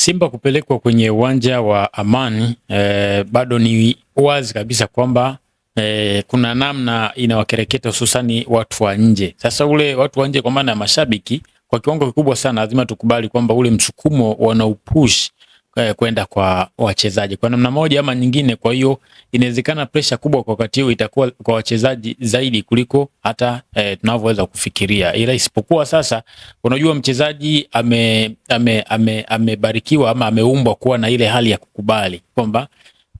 Simba kupelekwa kwenye uwanja wa Amani e, bado ni wazi kabisa kwamba e, kuna namna inawakereketa hususani watu wa nje. Sasa ule watu wa nje kwa maana ya mashabiki, kwa kiwango kikubwa sana lazima tukubali kwamba ule msukumo wanaupush eh, kwenda kwa wachezaji kwa namna moja ama nyingine. Kwa hiyo inawezekana presha kubwa kwa wakati huu itakuwa kwa wachezaji zaidi kuliko hata eh, tunavyoweza kufikiria, ila isipokuwa sasa, unajua mchezaji amebarikiwa ame, ame, ame ama ameumbwa kuwa na ile hali ya kukubali kwamba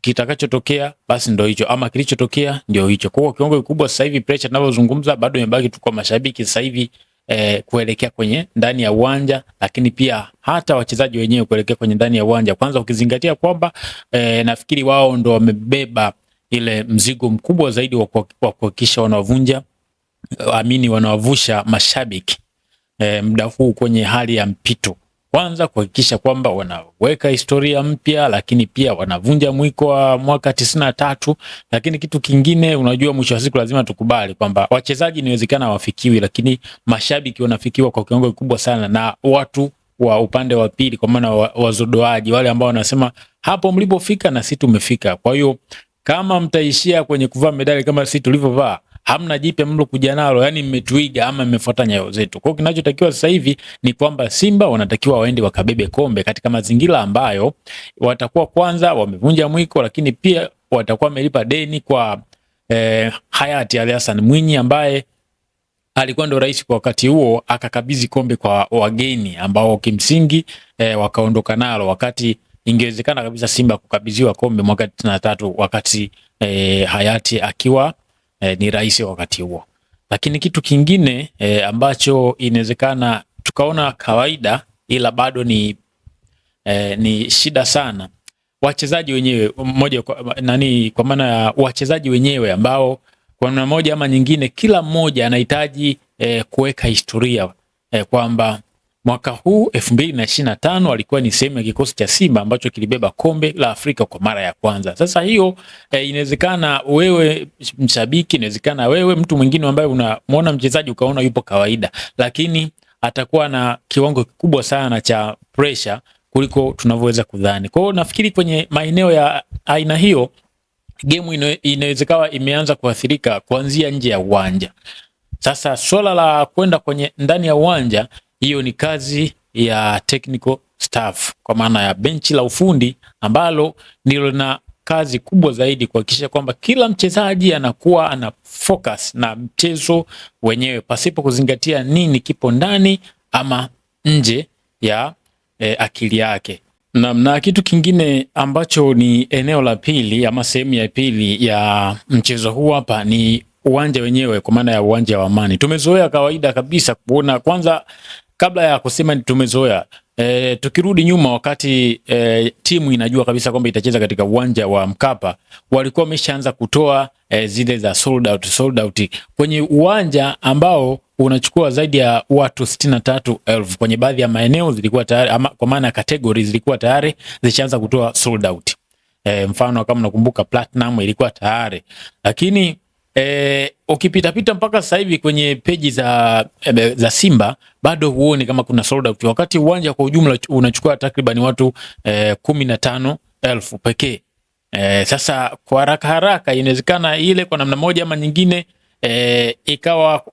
kitakachotokea basi ndio hicho ama kilichotokea ndio hicho. Kwa hiyo kiwango kikubwa sasa hivi pressure tunavyozungumza bado imebaki tu kwa mashabiki sasa hivi eh, kuelekea kwenye ndani ya uwanja, lakini pia hata wachezaji wenyewe kuelekea kwenye ndani ya uwanja, kwanza ukizingatia kwamba eh, nafikiri wao ndo wamebeba ile mzigo mkubwa zaidi wa kuhakikisha wanawavunja eh, amini wanawavusha mashabiki eh, muda huu kwenye hali ya mpito kwanza kuhakikisha kwamba wanaweka historia mpya, lakini pia wanavunja mwiko wa mwaka tisini na tatu. Lakini kitu kingine, unajua, mwisho wa siku lazima tukubali kwamba wachezaji inawezekana hawafikiwi, lakini mashabiki wanafikiwa kwa kiwango kikubwa sana na watu wa upande wa pili, kwa maana wazodoaji, wale ambao wanasema hapo mlipofika na sisi tumefika. Kwa hiyo kama mtaishia kwenye kuvaa medali kama sisi tulivyovaa hamna jipya kuja nalo, yani mmetuiga ama mmefuata nyayo zetu. Kwa hiyo kinachotakiwa sasa hivi ni kwamba Simba wanatakiwa waende wakabebe kombe katika mazingira ambayo watakuwa kwanza wamevunja mwiko, lakini pia watakuwa wamelipa deni kwa eh, hayati Ali Hassan Mwinyi ambaye alikuwa ndo rais kwa wakati huo, akakabidhi kombe kwa wageni ambao kimsingi eh, wakaondoka nalo wakati ingewezekana kabisa Simba kukabidhiwa kombe mwaka 93 wakati eh, hayati akiwa e, ni rahisi wakati huo. Lakini kitu kingine e, ambacho inawezekana tukaona kawaida ila bado ni, e, ni shida sana wachezaji wenyewe mmoja kwa, nani kwa maana ya wachezaji wenyewe ambao kwa namna moja ama nyingine kila mmoja anahitaji e, kuweka historia e, kwamba Mwaka huu 2025 alikuwa ni sehemu ya kikosi cha Simba ambacho kilibeba kombe la Afrika kwa mara ya kwanza. Sasa hiyo e, inawezekana wewe mshabiki, inawezekana wewe mtu mwingine ambaye unamwona mchezaji ukaona yupo kawaida, lakini atakuwa na kiwango kikubwa sana cha pressure kuliko tunavyoweza kudhani. Kwa hiyo nafikiri kwenye maeneo ya aina hiyo gemu inawezekana imeanza kuathirika kuanzia nje ya uwanja. Sasa swala la kwenda kwenye ndani ya uwanja hiyo ni kazi ya technical staff, kwa maana ya benchi la ufundi ambalo ndilo na kazi kubwa zaidi kuhakikisha kwamba kila mchezaji anakuwa ana focus na mchezo wenyewe pasipo kuzingatia nini kipo ndani ama nje ya e, akili yake. Na, na kitu kingine ambacho ni eneo la pili ama sehemu ya pili ya mchezo huu hapa ni uwanja wenyewe, kwa maana ya uwanja wa Amani. Tumezoea kawaida kabisa kuona kwanza kabla ya kusema tumezoea e, tukirudi nyuma wakati e, timu inajua kabisa kwamba itacheza katika uwanja wa Mkapa, walikuwa wameshaanza kutoa e, zile za sold out, sold out kwenye uwanja ambao unachukua zaidi ya watu sitini na tatu elfu kwenye baadhi ya maeneo zilikuwa tayari ama, kwa maana ya category zilikuwa tayari zishaanza kutoa sold out. E, mfano kama nakumbuka Platinum ilikuwa tayari lakini E, ukipitapita mpaka sasa hivi kwenye peji za, eh, za Simba bado huoni kama kuna sold out, wakati uwanja kwa ujumla unachukua takriban watu e, kumi na tano elfu pekee. E, sasa kwa haraka haraka inawezekana ile kwa namna moja ama nyingine e, ikawa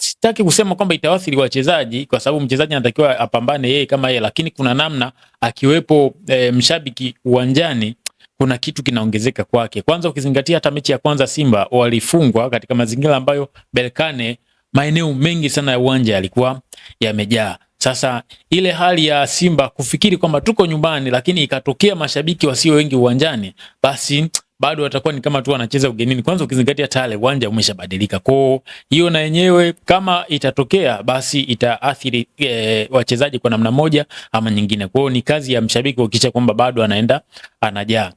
sitaki kusema kwamba itawathiri wachezaji kwa sababu mchezaji anatakiwa apambane yeye kama yeye, lakini kuna namna akiwepo e, mshabiki uwanjani kuna kitu kinaongezeka kwake. Kwanza ukizingatia hata mechi ya kwanza Simba walifungwa katika mazingira ambayo Berkane maeneo mengi sana ya uwanja yalikuwa yamejaa. Sasa ile hali ya Simba kufikiri kwamba tuko nyumbani, lakini ikatokea mashabiki wasio wengi uwanjani, basi bado watakuwa ni kama tu wanacheza ugenini. Kwanza ukizingatia tale uwanja umeshabadilika, kwa hiyo na yenyewe kama itatokea basi itaathiri e, wachezaji kwa namna moja ama nyingine. Kwao ni kazi ya mshabiki kuhakikisha kwamba bado anaenda anajaa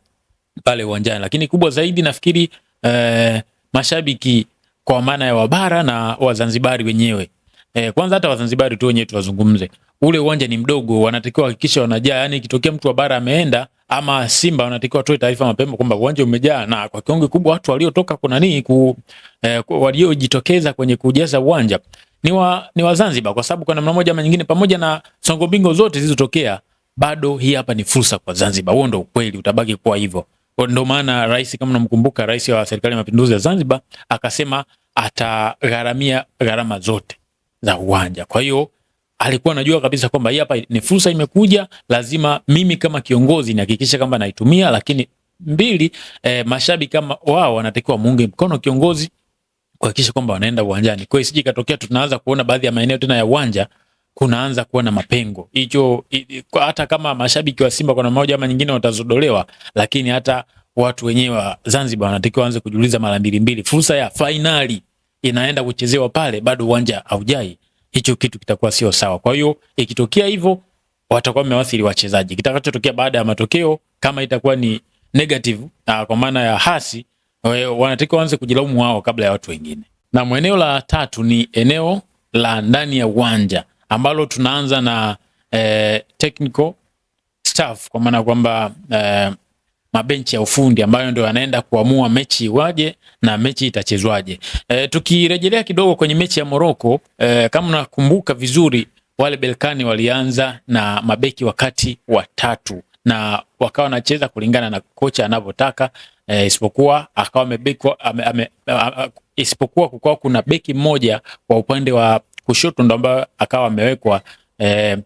pale uwanjani, lakini kubwa zaidi nafikiri eh, mashabiki kwa maana ya wabara na Wazanzibari wenyewe eh, kwanza hata Wazanzibari tu wenyewe tuwazungumze, ule uwanja ni mdogo, wanatakiwa wahakikisha wanajaa. Yani ikitokea mtu wa bara ameenda ama Simba, wanatakiwa watoe taarifa mapema kwamba uwanja umejaa, na kwa kiwango kikubwa watu waliotoka kuna nini ku, eh, waliojitokeza kwenye kujaza uwanja ni wa ni wa Zanzibar, kwa sababu kwa namna moja ama nyingine, pamoja na songo bingo zote zilizotokea, bado hii hapa ni fursa kwa Zanzibar. Huo ndio ukweli, utabaki kuwa hivyo. Ndio maana rais, kama namkumbuka, rais wa serikali ya mapinduzi ya Zanzibar akasema atagharamia gharama zote za uwanja. Kwa hiyo alikuwa anajua kabisa kwamba hii hapa ni fursa imekuja, lazima mimi kama kiongozi nihakikishe kwamba naitumia. Lakini mbili, e, mashabiki kama wao wanatakiwa muunge mkono kiongozi kuhakikisha kwamba wanaenda uwanjani. Kwa hiyo isije ikatokea tunaanza kuona baadhi ya maeneo tena ya uwanja kunaanza kuwa na mapengo hicho. Hata kama mashabiki wa Simba kuna moja ama nyingine watazodolewa, lakini hata watu wenyewe wa Zanzibar wanatakiwa waanze kujiuliza mara mbili mbili. Fursa ya fainali inaenda kuchezewa pale, bado uwanja haujai, hicho kitu kitakuwa sio sawa. Kwa hiyo ikitokea hivyo, watakuwa wamewathiri wachezaji. Kitakachotokea baada ya matokeo, kama itakuwa ni negative na kwa maana ya hasi, wanatakiwa waanze kujilaumu wao kabla ya watu wengine. Na eneo la tatu ni eneo la ndani ya uwanja ambalo tunaanza na eh, technical staff kwa maana kwamba eh, mabenchi ya ufundi ambayo ndio yanaenda kuamua mechi iwaje na mechi itachezwaje. E, tukirejelea kidogo kwenye mechi ya Morocco e, kama nakumbuka vizuri, wale Belkani walianza na mabeki wakati watatu na wakawa wanacheza kulingana na kocha anavyotaka e, isipokuwa akawa amebeki ame, ame, isipokuwa kukawa kuna beki mmoja kwa upande wa kushoto ndo ambayo akawa amewekwa eh,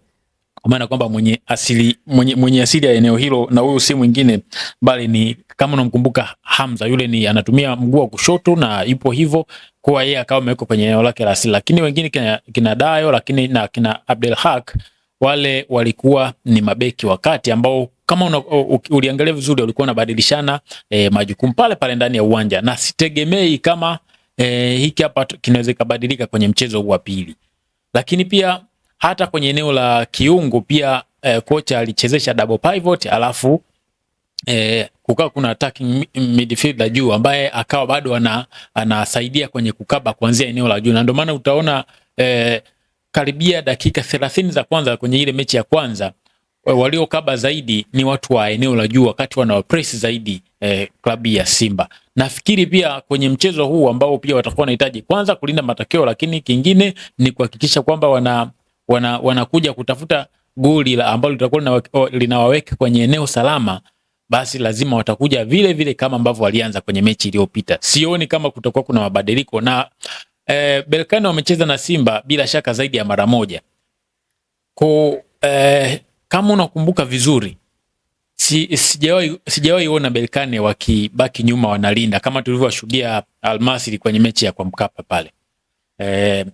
kwa maana kwamba mwenye asili mwenye, mwenye asili ya eneo hilo, na huyu si mwingine bali ni kama unamkumbuka Hamza yule, ni anatumia mguu wa kushoto na ipo hivyo, kwa yeye akawa amewekwa kwenye eneo lake la asili. Lakini wengine kina, kina Dayo lakini na kina Abdel Haq wale walikuwa ni mabeki wakati ambao kama una, u, uliangalia vizuri walikuwa wanabadilishana eh, majukumu pale pale ndani ya uwanja, na sitegemei kama e, hiki hapa kinaweza kubadilika kwenye mchezo huu wa pili, lakini pia hata kwenye eneo la kiungo pia e, kocha alichezesha double pivot alafu e, kukawa kuna attacking midfielder juu ambaye akawa bado ana, anasaidia kwenye kukaba kuanzia eneo la juu, na ndio maana utaona e, karibia dakika 30 za kwanza kwenye ile mechi ya kwanza Eh, waliokaba zaidi ni watu wa eneo la juu, wakati wanawapress zaidi eh, klabu ya Simba. Nafikiri pia kwenye mchezo huu ambao pia watakuwa wanahitaji kwanza kulinda matokeo, lakini kingine ni kuhakikisha kwamba wana wanakuja wana kutafuta goli ambalo litakuwa linawaweka kwenye eneo salama, basi lazima watakuja vile vile kama ambavyo walianza kwenye mechi iliyopita. Sioni kama kutakuwa kuna mabadiliko na eh, Berkane wamecheza na Simba bila shaka zaidi ya mara moja ku eh, kama unakumbuka vizuri, si, sijawahi sijawahi ona Berkane wakibaki nyuma wanalinda kama tulivyoshuhudia Almasri kwenye mechi ya kwa Mkapa pale. E,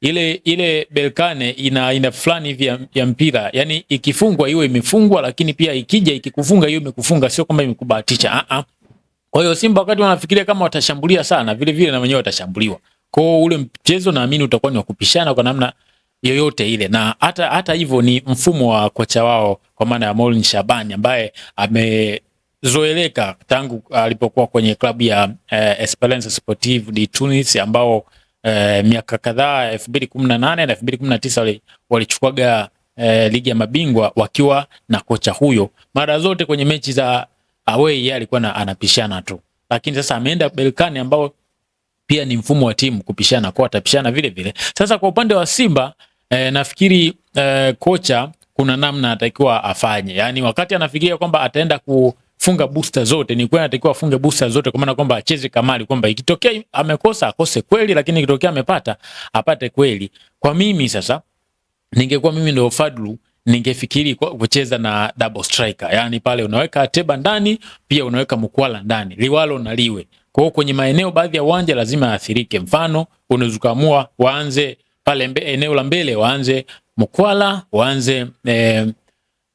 ile ile Berkane ina ina fulani hivi ya, ya mpira, yani ikifungwa hiyo imefungwa, lakini pia ikija ikikufunga hiyo imekufunga, sio kwamba imekubahatisha a a. Kwa hiyo Simba wakati wanafikiria kama watashambulia sana, vile vile na wenyewe watashambuliwa. Kwa hiyo ule mchezo naamini utakuwa ni wa kupishana kwa namna yoyote ile, na hata hata hivyo ni mfumo wa kocha wao kwa maana ya Maulid Shabani ambaye amezoeleka tangu alipokuwa kwenye klabu ya eh, Esperance Sportive de Tunis ambao eh, miaka kadhaa 2018 na 2019 walichukuaga eh, ligi ya mabingwa wakiwa na kocha huyo. Mara zote kwenye mechi za away yeye alikuwa anapishana tu, lakini sasa ameenda Belkani ambao pia ni mfumo wa timu kupishana, kwa atapishana vile vile. Sasa kwa upande wa Simba e, nafikiri e, kocha kuna namna atakiwa afanye, yani wakati anafikiria kwamba ataenda ku funga booster zote, ni kweli anatakiwa afunge booster zote, kwa maana kwamba acheze kamali, kwamba ikitokea amekosa akose kweli, lakini ikitokea amepata apate kweli. Kwa mimi sasa, ningekuwa mimi ndio Fadlu ningefikiri kucheza na double striker, yani pale unaweka Ateba ndani, pia unaweka Mkwala ndani, Liwalo na Liwe. Kwa hiyo kwenye maeneo baadhi ya uwanja lazima aathirike. Mfano unaweza ukaamua waanze pale mbe, eneo la mbele waanze Mukwala, waanze e,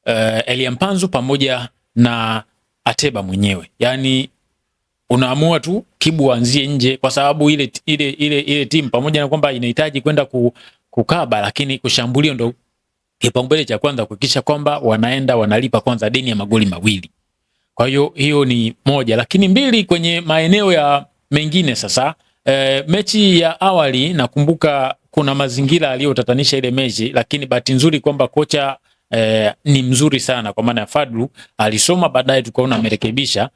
e, Elia Mpanzu pamoja na Ateba mwenyewe. Yani unaamua tu Kibu waanzie nje, kwa sababu ile, ile, ile, ile timu pamoja na kwamba inahitaji kwenda ku, kukaba, lakini kushambulia ndo kipaumbele cha kwanza, kuhakikisha kwamba wanaenda wanalipa kwanza deni ya magoli mawili. Kwa hiyo hiyo ni moja, lakini mbili, kwenye maeneo ya mengine sasa. E, mechi ya awali nakumbuka kuna mazingira aliyotatanisha ile mechi, lakini bahati nzuri kwamba kocha eh, ni mzuri sana kwa maana ya Fadlu alisoma, baadaye tukaona amerekebisha.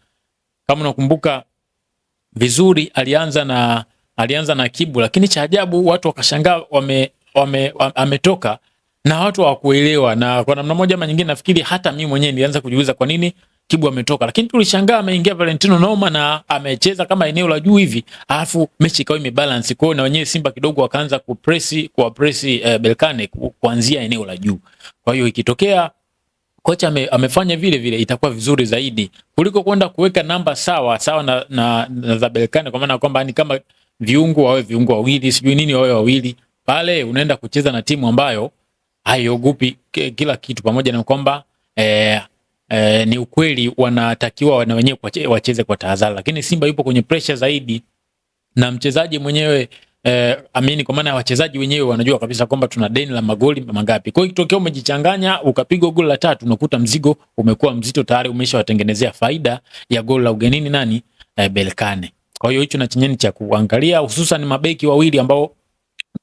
Kama unakumbuka vizuri, alianza na alianza na Kibu, lakini cha ajabu watu wakashangaa wame, wame, wame, ametoka na watu hawakuelewa, na kwa namna moja ama nyingine nafikiri hata mimi mwenyewe nilianza kujiuliza kwa nini Kibu ametoka, lakini tulishangaa ameingia Valentino Noma na amecheza kama eneo la juu hivi, alafu mechi ikawa imebalance. kwao, na wenyewe Simba kidogo wakaanza kupresi kwa presi eh, Belkane kuanzia eneo la juu. Kwa hiyo ikitokea kocha ame, amefanya vile vile itakuwa vizuri zaidi kuliko kwenda kuweka namba sawa sawa na, na, na za Belkane, kwa maana kwamba ni kama viungo wawe viungo wawili sijui nini wawe wawili pale, unaenda kucheza na timu ambayo haiogopi kila kitu, pamoja na kwamba eh, eh, ni ukweli wanatakiwa na wenyewe wacheze kwa tahadhari, lakini Simba yupo kwenye pressure zaidi na mchezaji mwenyewe eh, amini kwa maana wachezaji wenyewe wanajua kabisa kwamba tuna deni la magoli mangapi. Kwa hiyo ikitokea umejichanganya ukapigwa goli la tatu, unakuta mzigo umekuwa mzito tayari, umeshawatengenezea faida ya goli la ugenini nani, eh, Belkane. Kwa hiyo hicho na chenyewe cha kuangalia, hususan mabeki wawili ambao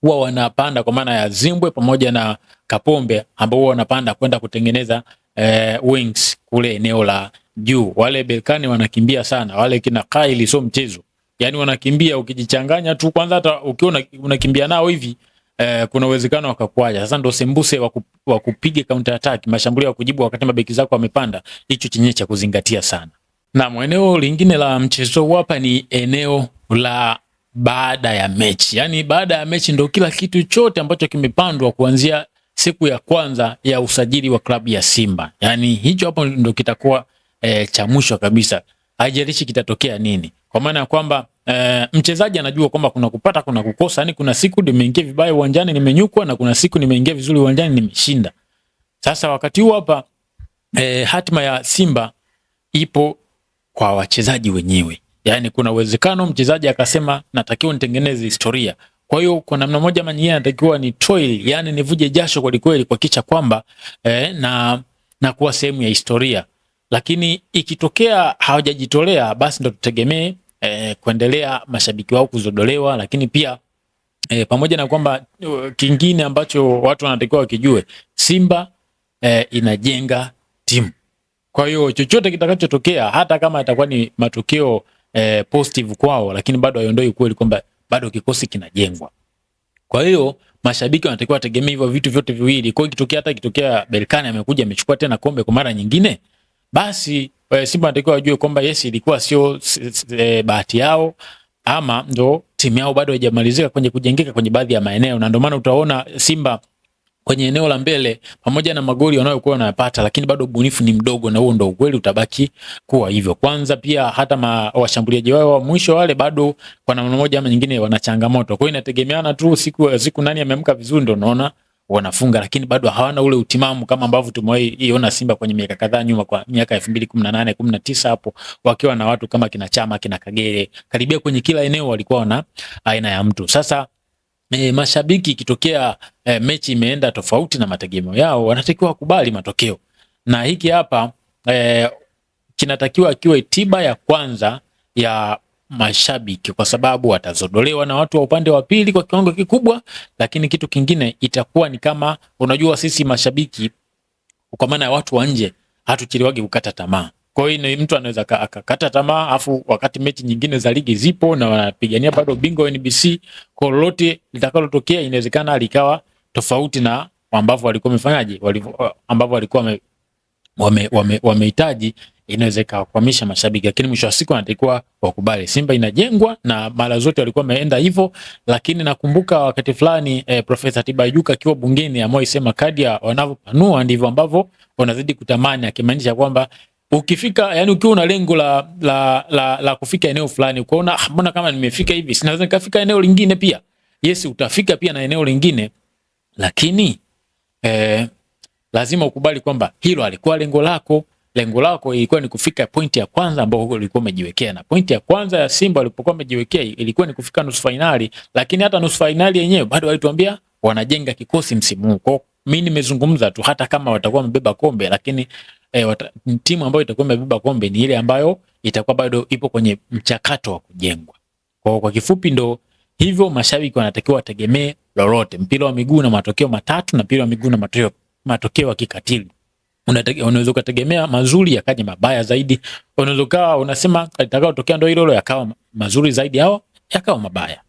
huwa wanapanda kwa maana ya Zimbwe pamoja na Kapombe ambao huwa wanapanda kwenda kutengeneza eh, wings kule eneo la juu. Wale Berkane wanakimbia sana, wale kina Kaili sio mchezo. Yaani wanakimbia ukijichanganya tu kwanza, hata ukiona unakimbia nao hivi eh, kuna uwezekano wakakuaja. Sasa ndo sembuse wa kupiga counter attack, mashambulio ya kujibu wakati mabeki zako wamepanda. Hicho chenye cha kuzingatia sana. Na eneo lingine la mchezo hapa ni eneo la baada ya mechi. Yaani baada ya mechi ndo kila kitu chote ambacho kimepandwa kuanzia siku ya kwanza ya usajili wa klabu ya Simba. Yaani hicho hapo ndo kitakuwa e, cha mwisho kabisa, haijalishi kitatokea nini, kwa maana ya kwamba e, mchezaji anajua kwamba kuna kupata, kuna kukosa. Yani kuna siku nimeingia vibaya uwanjani nimenyukwa, na kuna siku nimeingia vizuri uwanjani nimeshinda. Sasa wakati huu hapa e, hatima ya Simba ipo kwa wachezaji wenyewe. Yaani kuna uwezekano mchezaji akasema natakiwa nitengeneze historia kwa hiyo kwa namna moja ama nyingine natakiwa ni toil, yani nivuje jasho kwa kweli kuhakikisha kwamba eh, na na kuwa sehemu ya historia. Lakini ikitokea hawajajitolea basi ndo tutegemee eh, kuendelea mashabiki wao kuzodolewa, lakini pia eh, pamoja na kwamba uh, kingine ambacho watu wanatakiwa wakijue Simba eh, inajenga timu. Kwa hiyo chochote kitakachotokea hata kama itakuwa ni matokeo eh, positive kwao, lakini bado haiondoi ukweli kwamba bado kikosi kinajengwa. Kwa hiyo mashabiki wanatakiwa wategemee hivyo vitu vyote viwili. Kwa hiyo ikitokea hata ikitokea Berkane amekuja amechukua tena kombe kwa mara nyingine, basi eh, Simba wanatakiwa wajue kwamba yes, ilikuwa sio eh, bahati yao ama ndo timu yao bado haijamalizika kwenye kujengeka kwenye baadhi ya maeneo, na ndio maana utaona Simba kwenye eneo la mbele pamoja na magoli wanayokuwa wanayapata, lakini bado ubunifu ni mdogo, na huo ndo ukweli utabaki kuwa hivyo. Kwanza pia hata washambuliaji wao wa mwisho wale bado kwa namna moja ama nyingine wana changamoto, kwa hiyo inategemeana tu siku siku nani ameamka vizuri ndo unaona wanafunga lakini bado hawana ule utimamu kama ambavyo tumewahi iona Simba kwenye miaka kadhaa nyuma, kwa miaka 2018 19 hapo, wakiwa na watu kama kina Chama kina Kagere, karibia kwenye kila eneo walikuwa na aina ya mtu. Sasa E, mashabiki ikitokea e, mechi imeenda tofauti na mategemeo yao, wanatakiwa kubali matokeo, na hiki hapa e, kinatakiwa kiwe tiba ya kwanza ya mashabiki, kwa sababu watazodolewa na watu wa upande wa pili kwa kiwango kikubwa. Lakini kitu kingine itakuwa ni kama, unajua sisi mashabiki, kwa maana ya watu wa nje, hatuchiliwagi kukata tamaa. Kwa hiyo mtu anaweza akakata tamaa, afu wakati mechi nyingine za ligi zipo na wanapigania bado bingwa NBC, kwa lolote litakalotokea inawezekana likawa tofauti na ambavyo walikuwa wamefanyaje, ambavyo walikuwa wamehitaji wame, wame inaweza ikawakwamisha mashabiki, lakini mwisho wa siku anatakiwa wakubali Simba inajengwa na mara zote walikuwa wameenda hivyo. Lakini nakumbuka wakati fulani eh, Profesa Tibaijuka akiwa bungeni amewahi sema kadi wanavyopanua ndivyo ambavyo wanazidi kutamani, akimaanisha kwamba ukifika yani, ukiwa una lengo la, la, la, la kufika eneo fulani, ukaona ah, mbona kama nimefika hivi, si naweza nikafika eneo lingine pia. Yes, utafika pia na eneo lingine, lakini eh, lazima ukubali kwamba hilo alikuwa lengo lako. Lengo lako ilikuwa ni kufika pointi ya kwanza ambayo ulikuwa umejiwekea, na pointi ya kwanza ya Simba walipokuwa wamejiwekea ilikuwa ni kufika nusu fainali, lakini hata nusu fainali yenyewe bado walituambia wanajenga kikosi msimu huu mi nimezungumza tu, hata kama watakuwa wamebeba kombe lakini e, wata, timu ambayo itakuwa imebeba kombe ni ile ambayo itakuwa bado ipo kwenye mchakato wa kujengwa. Kwa, kwa kifupi ndo hivyo, mashabiki wanatakiwa wategemee lolote. Mpira wa miguu na matokeo matatu na mpira wa miguu na matokeo, matokeo ya kikatili. Unaweza ukategemea mazuri yakaje mabaya zaidi, unaweza ukawa unasema itakayotokea ndo hilo hilo, yakawa mazuri zaidi, au yakawa mabaya.